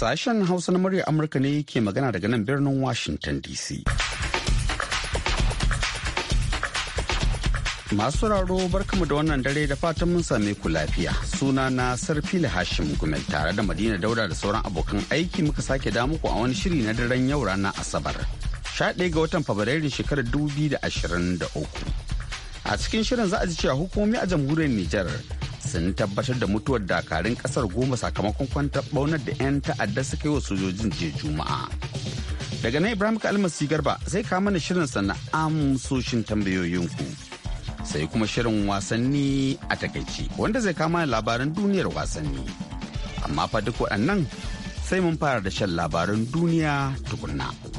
Sashen Hausa na murya Amurka ne ke magana daga nan birnin Washington DC. Masu raro barkamu da wannan dare da fatan mun same ku lafiya. Suna na Sarfili Hashim Gumel tare da Madina Dauda da sauran abokan aiki muka sake da muku a wani shiri na daren yau ranar Asabar. 11 ga watan Fabrairun shekarar 2023. A cikin shirin za a ji cewa hukumomi a jamhuriyar Nijar sun tabbatar da mutuwar dakarun kasar goma sakamakon kwantar ɓaunar da 'yan ta'adda suka yi wa sojojin jiya juma'a daga nan ibrahim kalmasi garba zai kama mana shirin sana amsoshin tambayoyinku sai kuma shirin wasanni a takaici wanda zai kama labaran duniyar wasanni amma fa duk waɗannan sai mun fara da shan labaran duniya tukunna.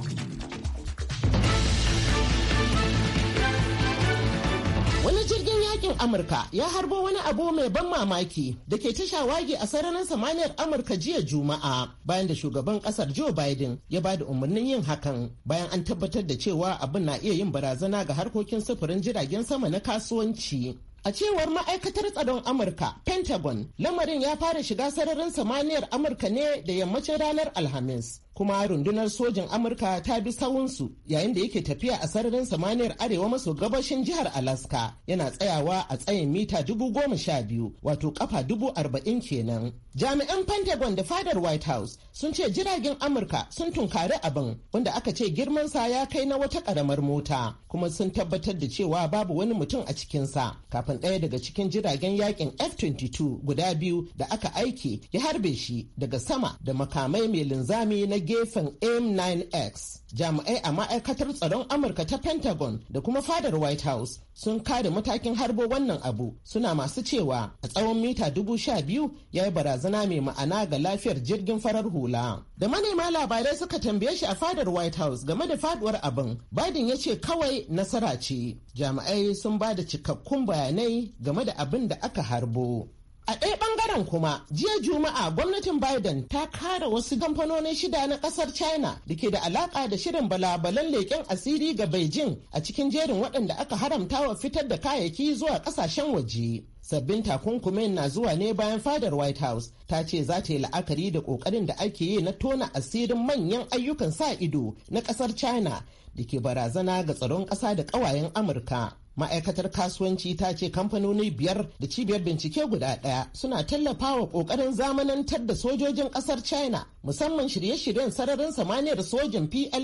jirgin yakin amurka ya harbo wani abu mai ban mamaki da ke ta shawagi a sararin samaniyar amurka jiya juma'a bayan da shugaban kasar joe biden ya ba da umarnin yin hakan bayan an tabbatar da cewa abin na iya yin barazana ga harkokin sufurin jiragen sama na kasuwanci A cewar ma'aikatar tsaron Amurka, Pentagon, lamarin ya fara shiga sararin samaniyar Amurka ne da yammacin ranar Alhamis. kuma rundunar sojin amurka ta bi sawunsu yayin da yake tafiya a sararin samaniyar arewa maso gabashin jihar alaska yana tsayawa a tsayin mita dubu goma sha biyu wato kafa dubu arba'in kenan jami'an pentagon da fadar white house sun ce jiragen amurka sun tunkari abin wanda aka ce girmansa ya kai na wata karamar mota kuma sun tabbatar da cewa babu wani mutum a cikinsa kafin ɗaya daga cikin jiragen yakin f-22 guda biyu da aka aiki ya harbe shi daga sama da makamai mai linzami na gefen m9x jami'ai a ma'aikatar tsaron amurka ta pentagon da kuma fadar white house sun kare matakin harbo wannan abu suna masu cewa a tsawon mita dubu sha biyu ya yi barazana mai ma'ana ga lafiyar jirgin farar hula da manema labarai suka tambaye shi a fadar white house game da faduwar abin biden ya ce kawai nasara ce jami'ai sun ba da cikakkun bayanai game da abin da aka harbo A ɗaya ɓangaren kuma, jiya Juma'a gwamnatin Biden ta kare wasu kamfanonin shida na ƙasar China da ke da alaƙa da shirin balabalan leƙen asiri ga Beijing a cikin jerin waɗanda aka haramta wa fitar da kayayyaki zuwa ƙasashen waje. Sabbin takunkumin na zuwa ne bayan fadar White House ta ce za ta yi la'akari da ƙoƙarin da ake yi na tona asirin manyan ayyukan sa ido na ƙasar China da ke barazana ga tsaron ƙasa da ƙawayen Amurka. ma'aikatar kasuwanci ta ce kamfanoni biyar da cibiyar bincike guda daya suna tallafawa kokarin zamanantar da sojojin kasar china musamman shirye-shiryen sararin samaniyar sojin pla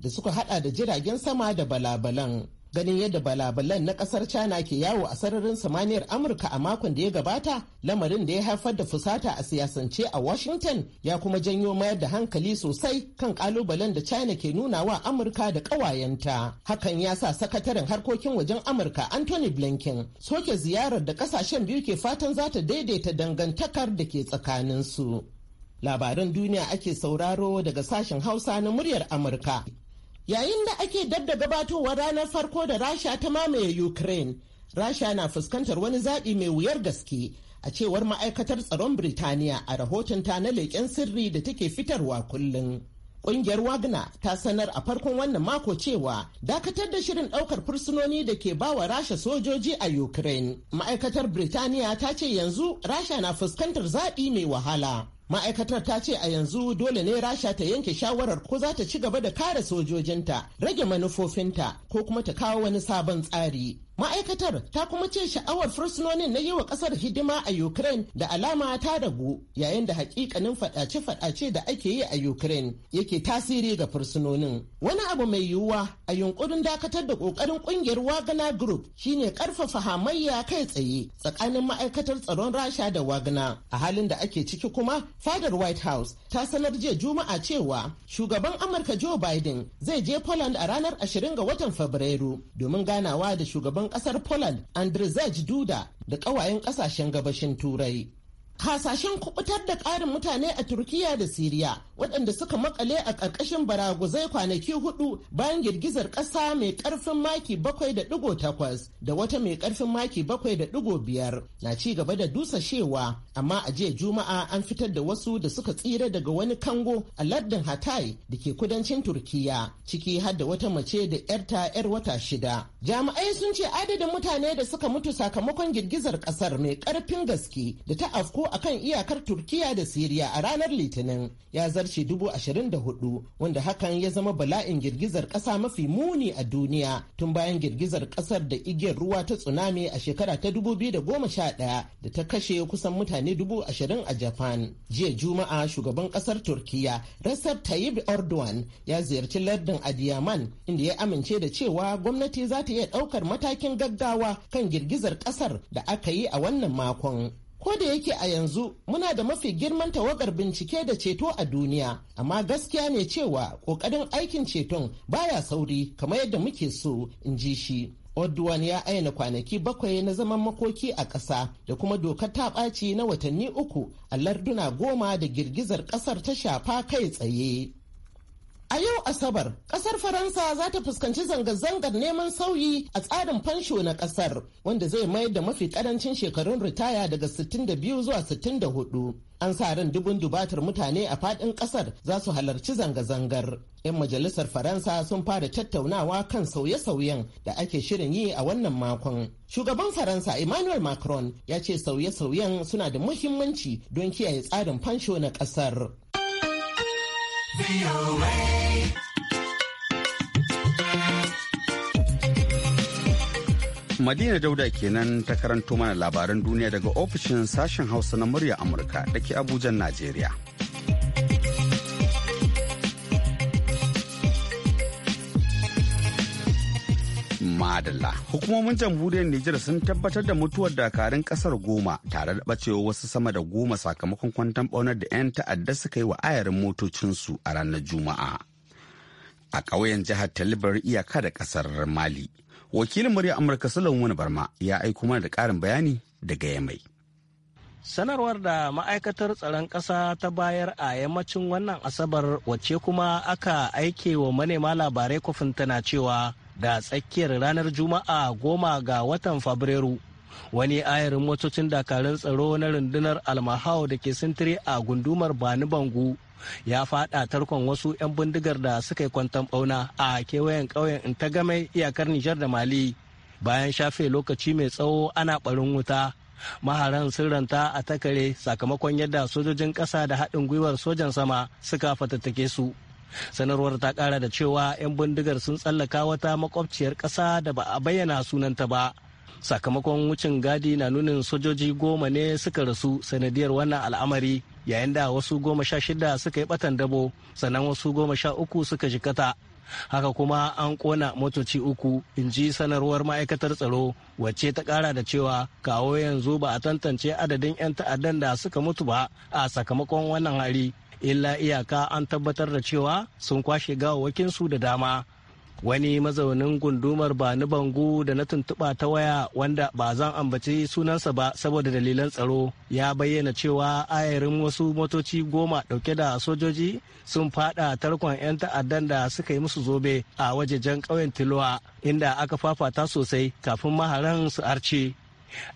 da suka hada da jiragen sama da balabalan ganin yadda balabalan na kasar china ke yawo a sararin samaniyar amurka a makon da ya gabata lamarin da ya haifar da fusata a siyasance a washington ya kuma janyo mayar da hankali sosai kan kalubalen da china ke nuna wa amurka da ƙawayenta hakan ya sa sakataren harkokin wajen amurka anthony blinken soke ziyarar da kasashen biyu ke fatan za ta daidaita dangantakar da ke tsakaninsu labaran duniya ake sauraro daga sashen hausa na muryar amurka Yayin da ake dadda gabatowa ranar farko da Rasha ta mamaye Ukraine, Rasha na fuskantar wani zaɓi mai wuyar gaske a cewar ma'aikatar tsaron Birtaniya a rahoton ta na leƙen sirri da take fitarwa kullum. Ƙungiyar Wagner ta sanar a farkon wannan mako cewa dakatar da shirin ɗaukar fursunoni da ke bawa Rasha sojoji a Ukraine. Ma'aikatar Birtaniya ta ce yanzu Rasha na fuskantar zaɓi mai wahala. ma'aikatar ta ce a yanzu dole ne rasha ta yanke shawarar ko za ta ci gaba da kare sojojinta rage manufofinta ko kuma ta kawo wani sabon tsari ma'aikatar ta kuma ce sha'awar fursunonin na yi wa kasar hidima a ukraine da alama ta ragu yayin da hakikanin fadace-fadace da ake yi a ukraine yake tasiri ga fursunonin wani abu mai yiwuwa a yunkurin dakatar da kokarin kungiyar wagana group shine karfafa hamayya kai tsaye tsakanin ma'aikatar tsaron rasha da wagana a halin da ake ciki kuma fadar white house ta sanar jiya juma'a cewa shugaban amurka joe biden zai je poland a ranar 20 ga watan fabrairu domin ganawa da shugaban kasar poland andrzej duda da kawayen kasashen gabashin turai hasashen kubutar da ƙarin mutane a turkiya da siriya waɗanda suka makale a ƙarƙashin baraguzai kwanaki hudu bayan girgizar ƙasa mai ƙarfin maki bakwai da ɗigo takwas da wata mai ƙarfin maki bakwai da ɗigo biyar na ci gaba da dusashewa amma a jiya juma'a an fitar da wasu da suka tsira daga wani kango a lardin hatay da ke kudancin turkiya ciki har da wata mace da yarta yar wata shida jami'ai sun ce adadin mutane da suka mutu sakamakon girgizar ƙasar mai ƙarfin gaske da ta afko a kan iyakar Turkiya da Siriya a ranar Litinin ya zarce dubu ashirin da hudu wanda hakan ya zama bala'in girgizar ƙasa mafi muni a duniya tun bayan girgizar ƙasar da igiyar ruwa ta tsunami a shekara ta dubu biyu da goma sha ɗaya da ta kashe kusan mutane dubu ashirin a Japan. Jiya Juma'a shugaban ƙasar Turkiya rasar Tayyip Erdogan ya ziyarci lardin Adiyaman inda ya amince da cewa gwamnati za ta iya ɗaukar matakin gaggawa kan girgizar ƙasar da aka yi a wannan makon. Ko da yake a yanzu muna da mafi girman tawagar bincike da ceto a duniya, amma gaskiya ne cewa ƙoƙarin aikin ceton baya sauri kamar yadda muke so in ji shi. Odduwan ya aina kwanaki bakwai na zaman makoki a ƙasa da kuma dokar ta ɓaci na watanni uku a larduna goma da girgizar ƙasar ta shafa kai tsaye. A yau Asabar, kasar Faransa za ta fuskanci zanga-zangar neman sauyi a tsarin fansho na kasar, wanda zai mayar da mafi karancin shekarun ritaya daga 62 zuwa 64. An sa ran dubun dubatar mutane a fadin kasar za su halarci zanga-zangar. 'Yan majalisar Faransa sun fara tattaunawa kan sauye-sauyen da ake shirin yi a wannan makon. Shugaban Faransa Emmanuel Macron ya ce sauye-sauyen suna da muhimmanci don kiyaye tsarin fansho na kasar. Madina Dauda kenan ta karanto mana labaran duniya daga ofishin sashen Hausa na murya Amurka da ke Abuja, Najeriya. Madalla. Hukumomin jamhuriyar Nijar sun tabbatar da mutuwar dakarun kasar goma tare da bacewa wasu sama da goma sakamakon kwantan ɓaunar da 'yan ta'adda suka yi wa ayarin motocinsu a ranar Juma'a. A ƙauyen jihar Talibar iyaka da ƙasar Mali. Wakilin murya Amurka wani Barma ya aiko mana da ƙarin bayani daga Yamai. sanarwar da ma'aikatar tsaron ƙasa ta bayar a yammacin wannan asabar wacce kuma aka aike wa manema labarai kwafinta tana cewa da tsakiyar ranar juma'a goma ga watan fabrairu wani ayarin motocin dakarun tsaro na rundunar almahau da ke sintiri a gundumar bani bangu ya fada tarkon wasu 'yan bindigar da suka yi kwantan bauna a kewayen ƙauyen intagamai iyakar nijar da mali bayan shafe lokaci mai tsawo ana barin wuta maharan sun ranta a takare sakamakon yadda sojojin ƙasa da haɗin gwiwar sojan sama suka fatattake su sanarwar ta kara da cewa 'yan bindigar sun tsallaka wata makwabciyar ƙasa da ba a bayyana sunanta ba sakamakon wucin gadi na nunin sojoji goma ne suka rasu sanadiyar wannan al'amari yayin da wasu goma sha shida suka yi batan dabo sannan wasu goma sha uku suka jikata haka kuma an kona motoci uku in ji sanarwar ma'aikatar tsaro wacce ta kara da cewa kawo yanzu ba a tantance adadin 'yan ta'addan da suka mutu ba a sakamakon wannan hari illa iyaka an tabbatar da cewa sun kwashe gawawakinsu da dama wani mazaunin gundumar bani ni bangu da na tuntuɓa ta waya wanda ba zan ambaci sunansa ba saboda dalilan tsaro ya bayyana cewa ayarin wasu motoci goma ɗauke da sojoji sun fada tarkon 'yan ta'addan da suka yi musu zobe a wajejen ƙauyen tilowa inda aka fafata sosai kafin maharan su arce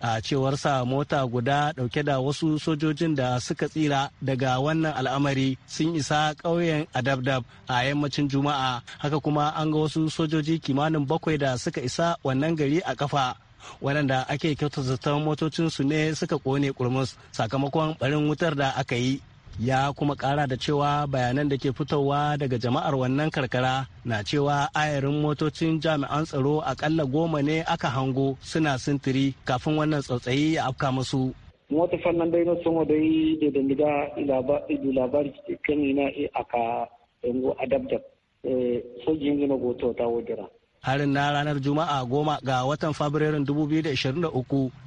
a cewar sa mota guda dauke da wasu sojojin da suka tsira daga wannan al'amari sun isa ƙauyen adabdab a yammacin juma'a haka kuma an ga wasu sojoji kimanin bakwai da suka isa wannan gari a kafa waɗanda ake kyautata motocinsu ne suka kone kurmus sakamakon barin wutar da aka yi ya kuma kara da cewa bayanan da ke fitowa daga jama'ar wannan karkara na cewa ayarin motocin jami'an tsaro akalla goma ne aka hango suna sintiri kafin wannan tsautsayi ya afka musu mota fannan dai na somo dai da dandiga idu labari kan ina eh, aka yango adabda eh, sojin yana goto ta wajira harin na ranar juma'a goma ga watan fabrairun 2023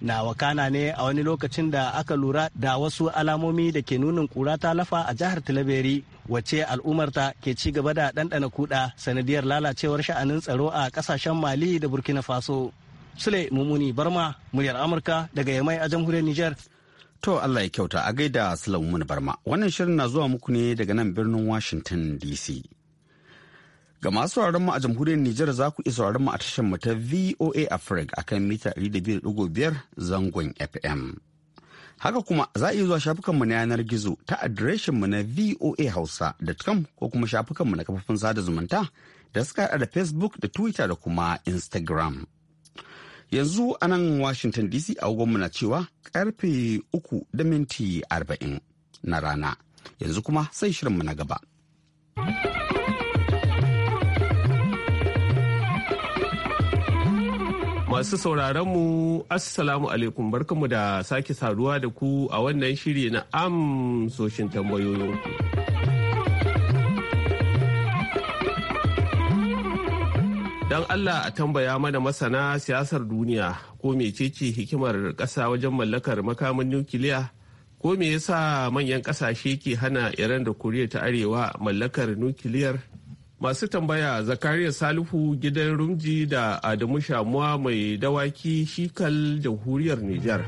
na wakana ne a wani lokacin da aka lura da wasu alamomi da ke nunin kura ta lafa a jihar tilaberi wace al'ummarta ke ci gaba da ɗanɗana kuɗa sanadiyar lalacewar sha'anin tsaro a ƙasashen mali da burkina faso sule mumuni barma muryar amurka daga yamai a jamhuriyar niger to allah ya kyauta a gaida sule mumuni barma wannan shirin na zuwa muku ne daga nan birnin washington dc Ga masu sauraron mu a jamhuriyar Nijar za ku iya mu a tashar mu ta VOA Africa akan mita 200.5 zangon FM. Haka kuma za a iya zuwa shafukanmu na yanar gizo ta adireshinmu na voahausa.com ko kuma shafukanmu na kafafin sada zumunta da suka da Facebook da Twitter da kuma Instagram. Yanzu a nan Washington DC a mu na cewa karfe uku da minti arba'in na rana. Yanzu kuma sai shirinmu na gaba. Masu sauraron mu Assalamu alaikum barkamu da sake saduwa da ku a wannan shiri na amsoshin tambayoyinku. Don Allah a tambaya mana masana siyasar duniya ko mecece hikimar ƙasa wajen mallakar makamin nukiliya ko me yasa manyan ƙasashe ke hana Iran da Koriya ta Arewa mallakar nukiliyar masu tambaya zakariya salihu gidan rumji da adamu shamuwa mai dawaki shikal jamhuriyar nijar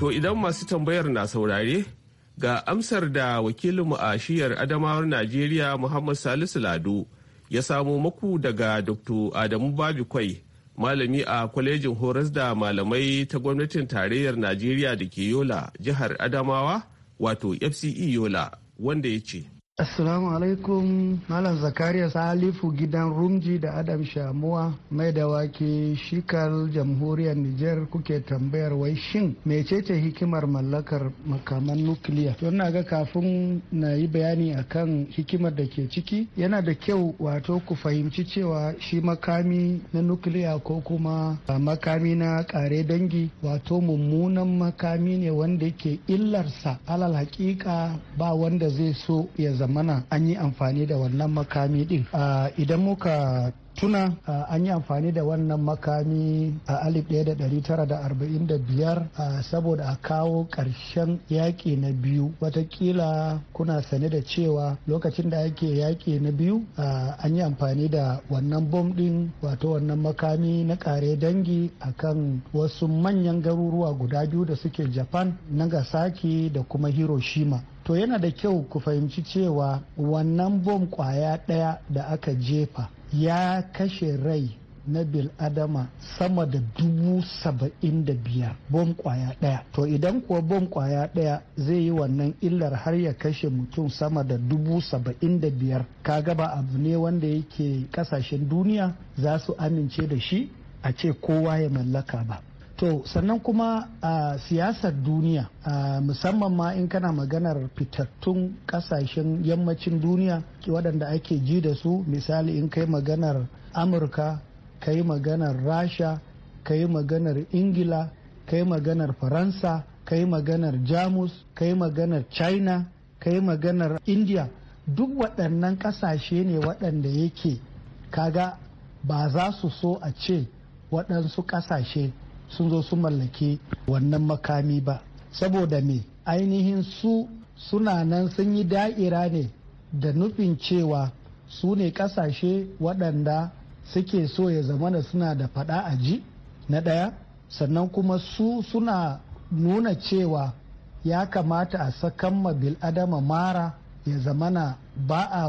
to idan masu tambayar na saurare ga amsar da wakilinmu a shiyar adamawar najeriya muhammad salisu lado ya samu maku daga dr adamu Kwai. malami a kwalejin horas da malamai ta gwamnatin tarayyar najeriya da ke yola jihar adamawa wato fce yola wanda ya ce Assalamu alaikum Malam Zakariya Salifu gidan Rumji da Adam Shamuwa mai da wake shikar jamhuriyar Nijar kuke tambayar wai shin mecece hikimar mallakar makaman nukiliya. To ina ga kafin na yi bayani akan hikimar da ke ciki yana da kyau wato ku fahimci cewa shi makami na nukiliya ko kuma makami na kare dangi wato mummunan makami ne wanda ke illarsa alal hakika ba wanda zai so ya zamana an yi amfani da wannan makami din idan muka tuna an yi amfani da wannan makami a 1945 saboda a kawo ƙarshen yaƙi na biyu watakila kuna sane da cewa lokacin da ake yaƙi na biyu an yi amfani da wannan bom ɗin wato wannan makami na ƙare dangi a kan wasu manyan garuruwa guda biyu da suke japan nagasaki da kuma hiroshima to yana da kyau ku fahimci cewa wannan bom kwaya ɗaya da aka jefa ya kashe rai na bil adama sama da dubu saba'in da biyar bom kwaya daya to idan kuwa bom kwaya ɗaya zai yi wannan illar har ya kashe mutum sama da dubu saba'in da biyar kaga ba abu ne wanda yake kasashen duniya za su amince da shi a ce kowa ya mallaka ba to sannan kuma a siyasar duniya musamman ma in kana maganar fitattun kasashen yammacin duniya waɗanda ake ji da su misali in kai maganar amurka kai maganar rasha kai maganar ingila kai maganar faransa kai maganar jamus kai maganar china kai maganar india duk waɗannan ƙasashe ne waɗanda yake kaga ba za su so a ce waɗansu ƙasashe sun zo su mallaki wannan makami ba saboda me ainihin su suna nan sun yi da'ira ne da nufin cewa su ne kasashe waɗanda suke so ya zama zamana suna da faɗa a ji na ɗaya sannan kuma su suna nuna cewa ya kamata a sakan bil adama mara ya zamana ba a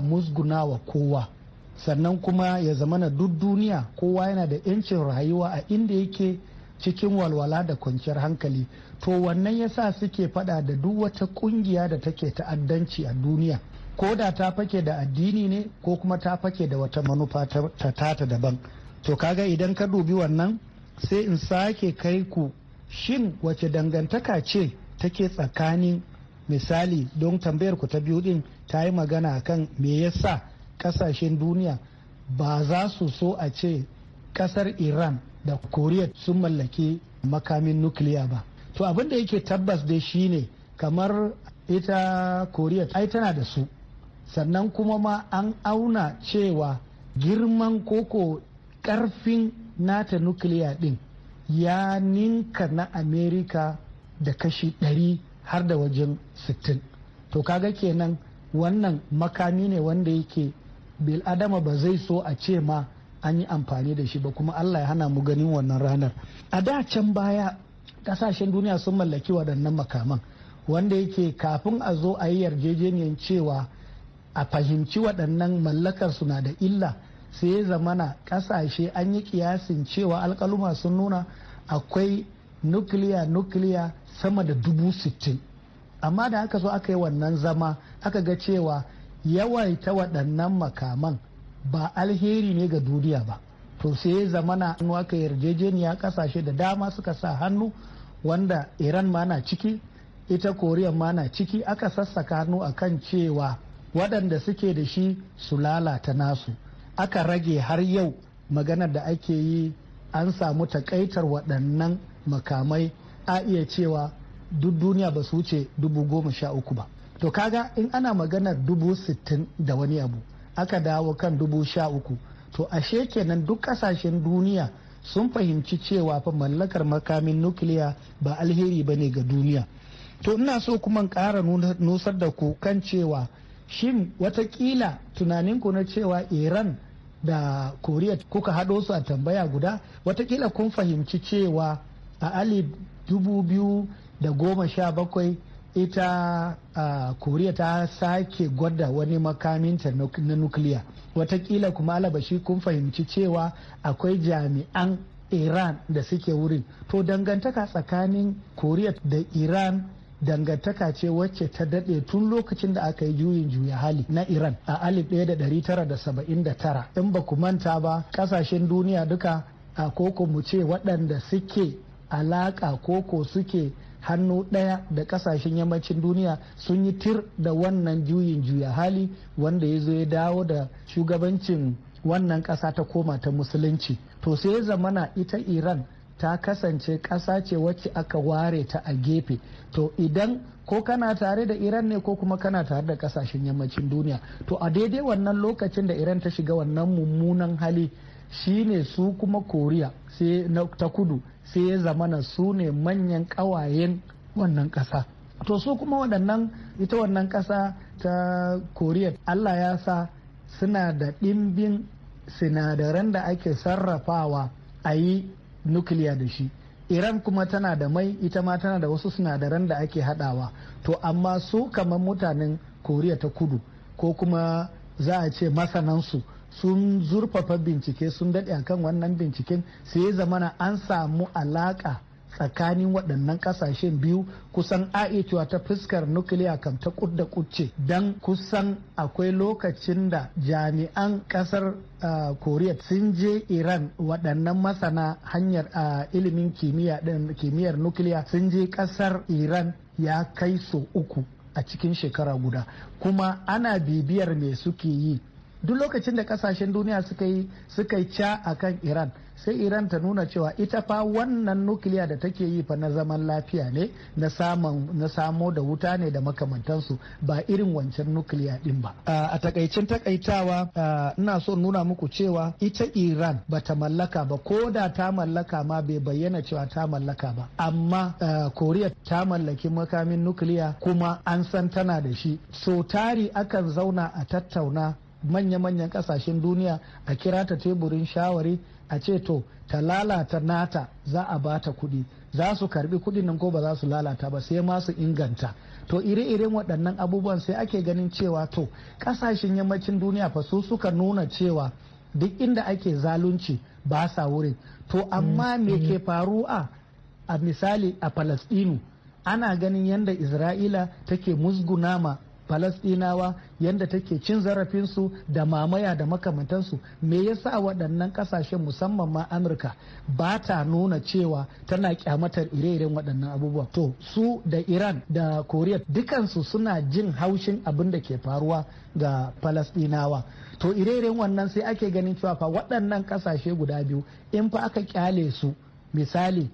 wa kowa sannan kuma ya zamana duk duniya kowa yana da 'yancin rayuwa a inda yake cikin walwala da kwanciyar hankali to wannan yasa suke fada da duk wata kungiya da take ta'addanci a duniya ko da ta fake da addini ne ko kuma ta fake da wata manufa ta tata daban to kaga idan ka dubi wannan sai in sake kai ku shin wace dangantaka ce take tsakanin misali don tambayar ku ta biyu din ta yi magana kan me yasa kasashen duniya ba za su so a ce kasar iran da koriya sun mallaki makamin nukiliya ba to abin da yake tabbas dai shine kamar ita koriya ai tana da su sannan kuma ma an auna cewa girman koko karfin nata nukiliya din ya ninka na amerika da kashi 100 har da wajen 60 to kaga kenan wannan makami ne wanda yake bil'adama ba zai so a ce ma an yi amfani da shi ba kuma allah ya hana mu ganin wannan ranar a da can baya kasashen duniya sun mallaki waɗannan makaman wanda yake kafin a zo a yi yarjejeniyar cewa a fahimci waɗannan mallakar na da illa sai ya zamana ƙasashe an yi kiyasin cewa alkaluma sun nuna akwai nukiliya nukiliya sama da dubu sittin amma da aka so aka yi wannan zama aka ga cewa yawaita waɗannan makaman ba alheri ne ga duniya ba to sai zamana an waka yarjejeniya kasashe da dama suka sa hannu wanda iran ma na ciki ita koriya ma na ciki aka sassaka hannu akan cewa waɗanda suke da shi su lalata nasu aka rage har yau maganar da ake yi an samu takaitar waɗannan makamai a iya cewa duk duniya ba su wuce dubu goma sha uku ba to kaga in ana maganar dubu sittin da wani abu aka dawo kan dubu sha uku to ashe kenan duk kasashen duniya sun fahimci cewa fa mallakar makamin nukiliya ba alheri ba ne ga duniya to ina so kuma kara nusar da ku kan cewa shin watakila tunanin ku na cewa iran da koriya kuka haɗo su a tambaya guda watakila kun fahimci cewa a alif dubu biyu da goma sha bakwai ita a koriya ta sake gwada wani makaminta na nukiliya watakila kuma alabashi kun fahimci cewa akwai jami'an iran da suke wurin to dangantaka tsakanin koriya da iran dangantaka ce wacce ta daɗe tun lokacin da aka yi juyin juya hali na iran a 1979 in ba ku manta ba kasashen duniya duka a koko mu ce waɗanda suke alaka koko suke hannu ɗaya da ƙasashen yammacin duniya sun yi tir da wannan juyin juya hali wanda ya zo ya dawo da shugabancin wannan ƙasa ta koma ta musulunci to sai zamana ita iran ta kasance ƙasa ce wacce aka ware ta a gefe to idan ko kana tare da iran ne ko kuma kana tare da ƙasashen yammacin duniya to a daidai wannan lokacin da iran ta shiga wannan mummunan hali shine su kuma koriya sai ta kudu sai ya zamana su ne manyan ƙawayen wannan ƙasa to su kuma waɗannan ita wannan ƙasa ta koriya allah ya sa suna da ɗimbin sinadaran da ake sarrafawa a yi nukiliya da shi iran kuma tana da mai ita ma tana da wasu sinadaran da ake haɗawa to amma su kamar mutanen koriya ta kudu ko kuma za a ce masanansu sun zurfafa bincike sun daɗe a kan wannan binciken sai ya zamana an samu alaƙa tsakanin waɗannan ƙasashen biyu kusan cewa ta fuskar nukiliya kam ta kud da don kusan akwai lokacin da jami'an ƙasar koriya sun je iran waɗannan masana hanyar ilimin kimiyyar nukiliya sun je ƙasar iran ya kai so uku a cikin shekara guda kuma ana bibiyar me suke yi duk lokacin da kasashen duniya suka yi suka yi ca akan iran sai iran ta nuna cewa ita fa wannan nukiliya da take yi fa na zaman lafiya ne na samo da wuta ne da makamantansu ba irin wancan nukiliya din ba a takaicin takaitawa ina so nuna muku cewa ita iran ba ta mallaka ba ko da ta mallaka ma bai bayyana cewa ta mallaka ba amma koriya ta mallaki makamin nukiliya kuma an san tana da shi so tari akan zauna a tattauna manya-manyan kasashen duniya a kira ta teburin shawari a ce to ta lalata nata za a bata kuɗi za su karbi kuɗin nan ko ba za su lalata ba sai ma su inganta to ire-iren waɗannan abubuwan sai ake ganin cewa to kasashen yammacin duniya fa su suka nuna cewa duk inda ake zalunci ba sa wurin to amma mm, me mm. ke faruwa a misali a palestinu ana ganin yadda isra'ila take musguna ma falastinawa yadda take cin zarafinsu da mamaya da makamantansu me yasa waɗannan ƙasashen musamman ma amurka ba ta nuna cewa tana kyamatar ire-iren waɗannan abubuwa. to su da iran da koriya dukansu suna jin haushin abin da ke faruwa ga falastinawa to ire-iren wannan sai ake ganin cewa fa waɗannan ƙasashe guda biyu in fa aka kyale su misali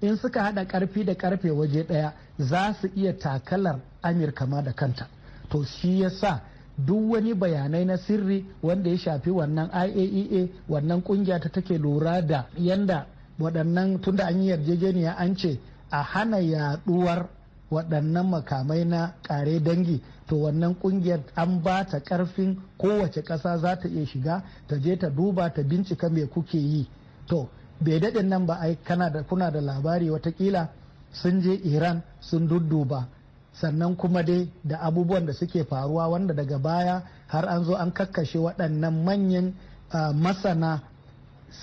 in suka haɗa ƙarfi da ƙarfe waje ɗaya za su iya takalar amurka ma da kanta to shi ya sa duk wani bayanai na sirri wanda ya shafi wannan iaea e wannan kungiya ta take lura da yanda waɗannan tunda an yi yarjejeniya an ce a hana yaɗuwar waɗannan makamai na ƙare dangi to wannan ƙungiyar an ba ta ƙarfin kowace ƙasa za ta iya shiga ta je ta duba ta bincika me kuke yi to bai daɗin nan ba ai kana da kuna da labari watakila sun je iran sun dudduba sannan kuma dai da abubuwan da suke faruwa wanda daga baya har an zo an kakkashe waɗannan manyan masana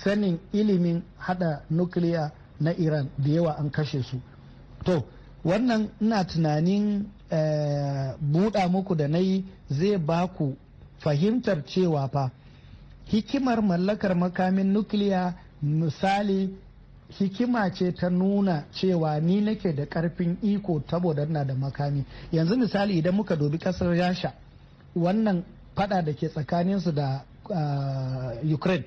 sanin ilimin hada nukiliya na iran da yawa an kashe su to wannan ina tunanin e, buɗa muku da na yi zai ba ku fahimtar cewa fa hikimar mallakar makamin nukiliya misali hikima ce ta nuna cewa ni nake da karfin iko saboda na da makami yanzu misali idan muka dobi kasar yasha wannan fada da ke tsakanin su da ah, ukraine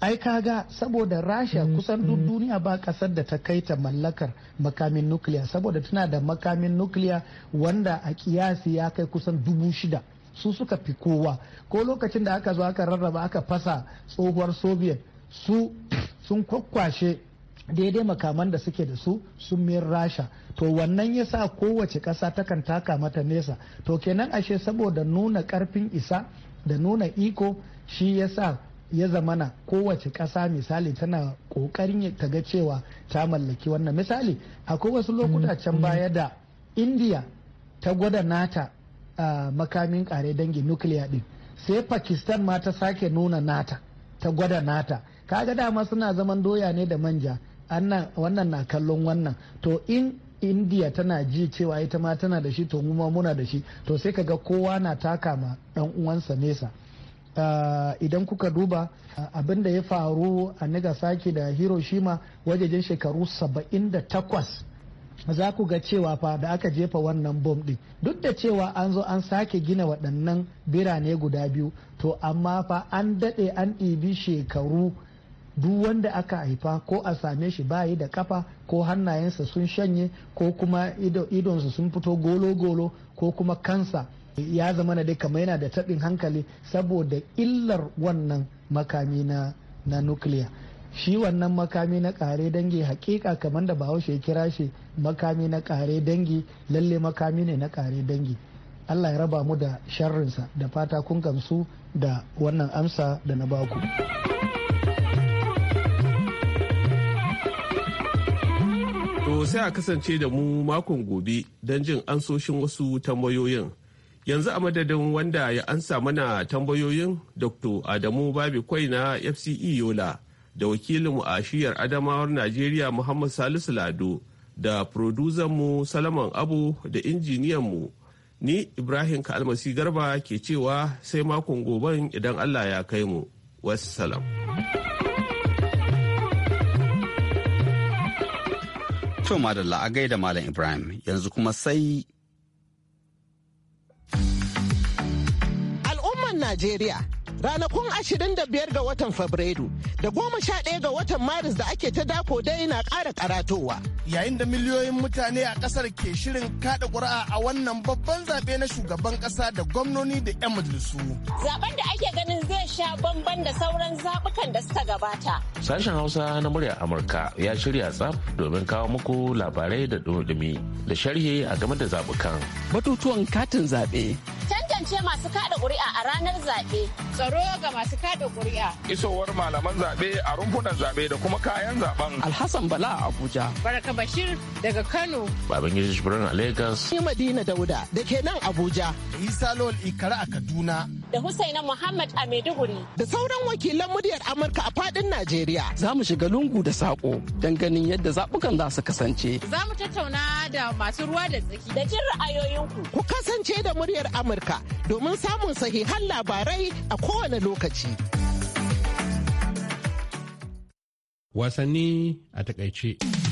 ai kaga saboda rasha mm-hmm. kusan duk mm-hmm. duniya ba kasar da ta kai ta mallakar makamin nukiliya saboda tana da makamin nukiliya wanda a kiyasi ya kai kusan dubu shida su suka fi kowa ko lokacin da aka zo aka rarraba aka fasa tsohuwar soviet su sun kwakwashe daidai makaman da suke da su sun mayar rasha to wannan ya sa kowace ƙasa takan taka mata nesa to kenan ashe saboda nuna karfin isa da nuna iko shi ya sa ya zamana kowace ƙasa misali tana ƙoƙarin ta ga cewa ta mallaki wannan misali akwai wasu lokuta mm, can mm. baya da indiya ta gwada nata uh, makamin ƙare dangi nukiliya din sai pakistan ma ta sake nuna nata ta gwada nata kaga dama suna zaman doya ne da manja wannan na kallon wannan to in indiya tana ji cewa ita ma tana da shi to mu ma muna da shi to sai ka ga kowa na taka ma dan uwansa nesa ah, idan kuka duba ah, abin da ya faru a nagasaki da hiroshima wajejen shekaru 78 za ku ga cewa fa da aka jefa wannan bom ɗin duk da cewa an zo an sake gina waɗannan birane guda biyu to amma fa an daɗe an ɗibi shekaru duk wanda aka haifa ko a same shi bayi da kafa ko hannayensa sun shanye ko kuma idonsa sun fito golo-golo ko kuma kansa ya zama na dai kamar yana da taɓin hankali saboda illar wannan makami na, nukiliya shi wannan makami na kare dangi hakika kamar da bahaushe kira shi makami na ƙare dangi lalle makami ne na ƙare dangi allah ya raba mu da sharrinsa da fata kun gamsu da wannan amsa da na baku. To sai a kasance da mu makon gobe don jin ansoshin wasu tambayoyin. Yanzu a madadin wanda ya ansa mana tambayoyin Dr. Adamu Babi Kwai na FCE Yola da wakilinmu a shiyar Adamawar Najeriya Muhammad Salisu Lado da mu Salaman Abu da mu ni Ibrahim Kalmasi Garba ke cewa sai makon goben idan Allah ya kai mu. wasu Wassalam. To madalla a gaida Malam Ibrahim yanzu kuma sai. al'ummar Najeriya ranakun 25 ga watan fabrairu da 11 ga watan maris da ake ta dako dai na ƙara karatowa yayin da miliyoyin mutane a ƙasar ke shirin kaɗa ƙuri'a a wannan babban zaɓe na shugaban ƙasa da gwamnoni da 'yan majalisu zaben da ake ganin zai sha bamban da sauran zaɓukan da suka gabata sashen hausa na murya amurka ya shirya tsaf domin kawo muku labarai da dumi da sharhi a game da zaɓukan batutuwan katin zaɓe tantance masu kaɗa ƙuri'a a ranar zaɓe tsaro ga masu kada ƙuri'a. Isowar malaman zaɓe a rumfunan zaɓe da kuma kayan zaɓen. Alhassan Bala a Abuja. Baraka Bashir daga Kano. Babangiji Shibirin a Lagos. Madina Dauda da ke nan Abuja. Isa Lol Ikara a Kaduna. da Husaina Muhammad a Maiduguri. Da sauran wakilan muryar Amurka a fadin Najeriya. Za mu shiga lungu da saƙo don ganin yadda zaɓukan za su kasance. Za mu tattauna da masu ruwa da tsaki. Da jin ra'ayoyinku. Ku kasance da muryar Amurka domin samun sahihan labarai a kowane lokaci. Wasanni a takaice.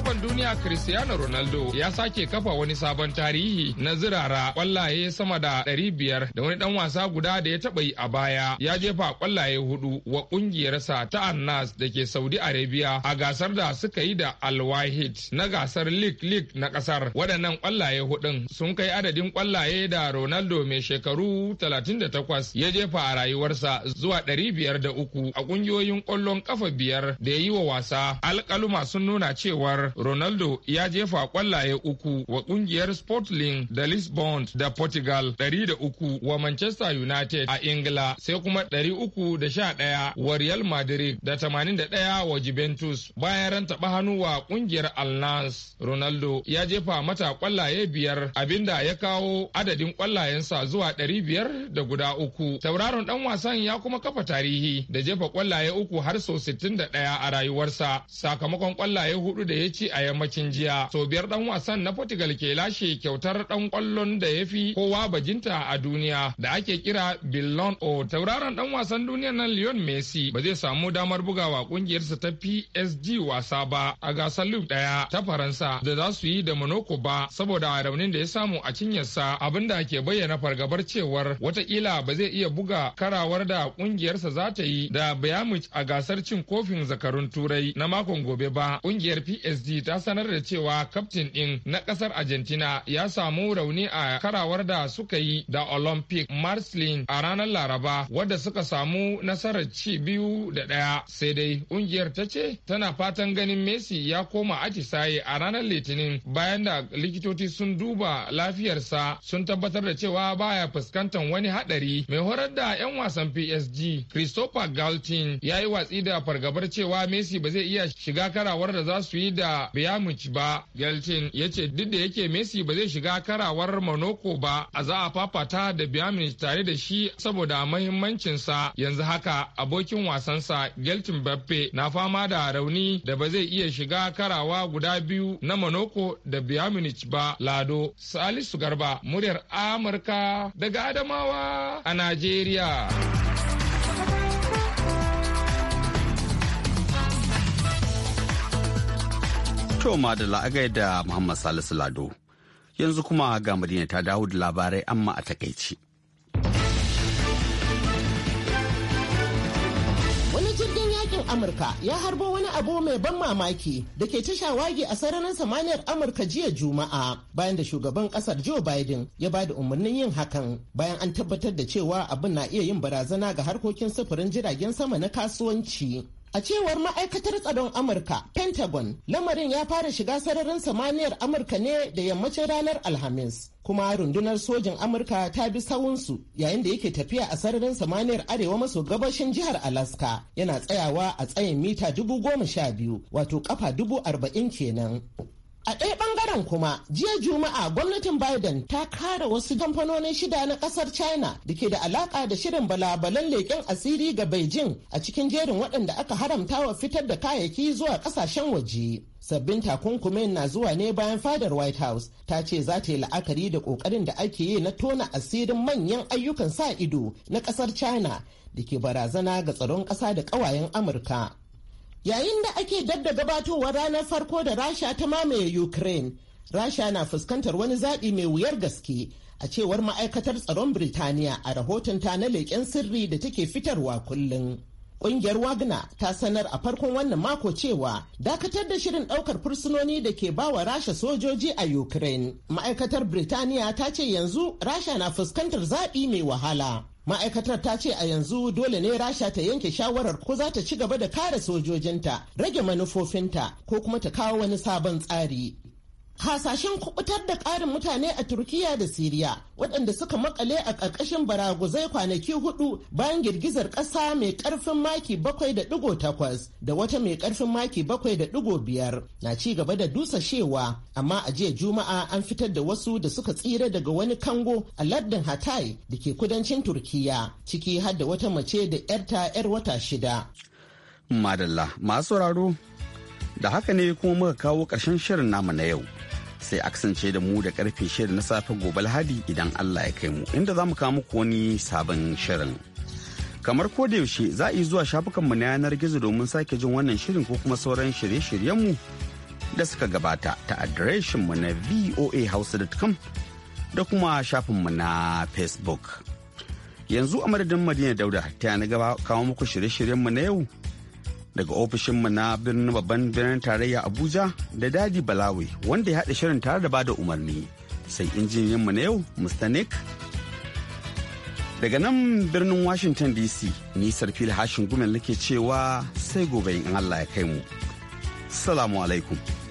kafan duniya Cristiano Ronaldo ya sake kafa wani sabon tarihi na zirara kwallaye sama da ɗari biyar da wani ɗan wasa guda da ya taɓa yi a baya ya jefa kwallaye hudu wa ƙungiyarsa ta Annas da ke Saudi Arabia a gasar da suka yi da Al Wahid na gasar League League na ƙasar Waɗannan kwallaye hudun sun kai adadin kwallaye da Ronaldo mai shekaru 38 ya jefa a rayuwarsa zuwa ɗari biyar da uku a ƙungiyoyin ƙwallon ƙafa biyar da ya yi wa wasa. Alƙaluma sun nuna cewar ronaldo ya jefa kwallaye uku wa kungiyar sportling da lisbon da portugal ɗari da uku wa manchester united a ingila sai kuma ɗari uku da sha ɗaya wa real madrid da tamanin da ɗaya wa juventus bayan ran taɓa hannu wa kungiyar alnas ronaldo ya jefa mata kwallaye biyar abinda ya kawo adadin kwallayensa zuwa ɗari biyar da guda uku tauraron ɗan wasan ya kuma kafa tarihi da jefa kwallaye uku har sau sittin da ɗaya a rayuwarsa sakamakon kwallaye hudu da ya ci a yammacin jiya sau biyar dan wasan na portugal ke lashe kyautar ɗan kwallon da ya fi kowa bajinta a duniya da ake kira billon o tauraron dan wasan duniya na leon messi ba zai samu damar bugawa ƙungiyarsa ta psg wasa ba a gasar Lug daya ta faransa da za su yi da monaco ba saboda raunin da ya samu a cinyarsa abin da ke bayyana fargabar cewar watakila ba zai iya buga karawar da ƙungiyarsa za ta yi da bayamich a gasar cin kofin zakarun turai na makon gobe ba ƙungiyar psg PSG ta sanar da cewa kaftin ɗin na ƙasar argentina ya samu rauni a karawar da suka yi da olympic marslin a ranar laraba wadda suka samu nasarar ci biyu da ɗaya sai dai ƙungiyar ta ce tana fatan ganin messi ya koma atisaye a ranar litinin bayan da likitoci sun duba lafiyarsa sun tabbatar da cewa baya fuskantar wani haɗari mai horar da 'yan wasan psg christopher galtin ya yi watsi da fargabar cewa messi ba zai iya shiga karawar da za su yi da da Biyamuc ba. geltin ya ce duk da yake Messi ba zai shiga karawar Monaco ba a za a fafata da Biyamuc tare da shi saboda mahimmancinsa yanzu haka abokin wasansa Geltin Beppe na fama da rauni da ba zai iya shiga karawa guda biyu na Monaco da Biyamuc ba Lado. Salisu Garba muryar Amurka daga Adamawa a Najeriya. To da la'agai da Muhammad Salisu Lado. Yanzu kuma ga Madina ta dawo da labarai amma a takaici. Wani jirgin yakin Amurka ya harbo wani abu mai ban mamaki da ke ta shawagi a sararin samaniyar Amurka jiya Juma'a bayan da shugaban kasar Joe Biden ya ba da umarnin yin hakan bayan an tabbatar da cewa abin na iya yin barazana ga harkokin sufurin jiragen sama na kasuwanci. A cewar ma'aikatar tsaron Amurka, Pentagon, lamarin ya fara shiga sararin samaniyar Amurka ne da yammacin ranar Alhamis. Kuma rundunar sojin Amurka ta bi sawunsu yayin da yake tafiya a sararin samaniyar arewa maso gabashin jihar Alaska yana tsayawa a tsayin mita dubu goma sha biyu wato kafa dubu arba'in kenan. A ɗaya ɓangaren kuma, jiya Juma'a gwamnatin Biden ta kare wasu kamfanonin shida na ƙasar China da ke da alaƙa da shirin balabalan leƙen asiri ga Beijing a cikin jerin waɗanda aka haramta wa fitar da kayayyaki zuwa ƙasashen waje. Sabbin takunkumin na zuwa ne bayan fadar White House ta ce za ta yi la'akari da ƙoƙarin da ake yi na tona asirin manyan ayyukan sa ido na ƙasar China da ke barazana ga tsaron ƙasa da ƙawayen Amurka. Yayin da ake dadda da gabatowa ranar farko da Rasha ta mamaye Ukraine, Rasha na fuskantar wani zaɓi mai wuyar gaske a cewar ma'aikatar tsaron Birtaniya a rahoton ta na leƙen sirri da take fitarwa kullum. Ƙungiyar wagna ta sanar a farkon wannan mako cewa dakatar da shirin ɗaukar fursunoni da ke ba wa Rasha sojoji a Ukraine. Ma'aikatar Birtaniya ta ce yanzu Rasha na fuskantar zaɓi mai wahala. ma'aikatar ta ce a yanzu dole ne rasha ta yanke shawarar ko za ta ci gaba da kare sojojinta rage manufofinta ko kuma ta kawo wani sabon tsari hasashen kubutar da ƙarin mutane a turkiya da siriya waɗanda suka makale a ƙarƙashin baraguzai kwanaki hudu bayan girgizar ƙasa mai ƙarfin maki bakwai da ɗigo takwas da wata mai ƙarfin maki bakwai da ɗigo biyar na ci gaba da dusashewa amma a jiya juma'a an fitar da wasu da suka tsira daga wani kango a lardin hatay da ke kudancin turkiya ciki har da wata mace da 'yarta 'yar wata shida madalla masu sauraro da haka ne kuma muka kawo ƙarshen shirin namu na yau sai a kasance da mu da karfe shida na safe gobe Lahadi idan Allah ya kai mu inda za mu kawo muku wani sabon shirin. Kamar ko da yaushe za a yi zuwa shafukanmu na yanar gizo domin sake jin wannan shirin ko kuma sauran shirye-shiryenmu da suka gabata ta adireshinmu na voahouse.com da kuma shafinmu na Facebook. Yanzu a madadin Madina Dauda ta na gaba kawo muku shirye-shiryenmu na yau daga ofishinmu na birnin babban birnin tarayya abuja da dadi balawi wanda ya haɗa shirin tare da bada umarni sai injiniyanmu na yau mr nick daga nan birnin washington dc nisar fili hashin gumen nake cewa sai gobe in allah ya kai mu salamu alaikum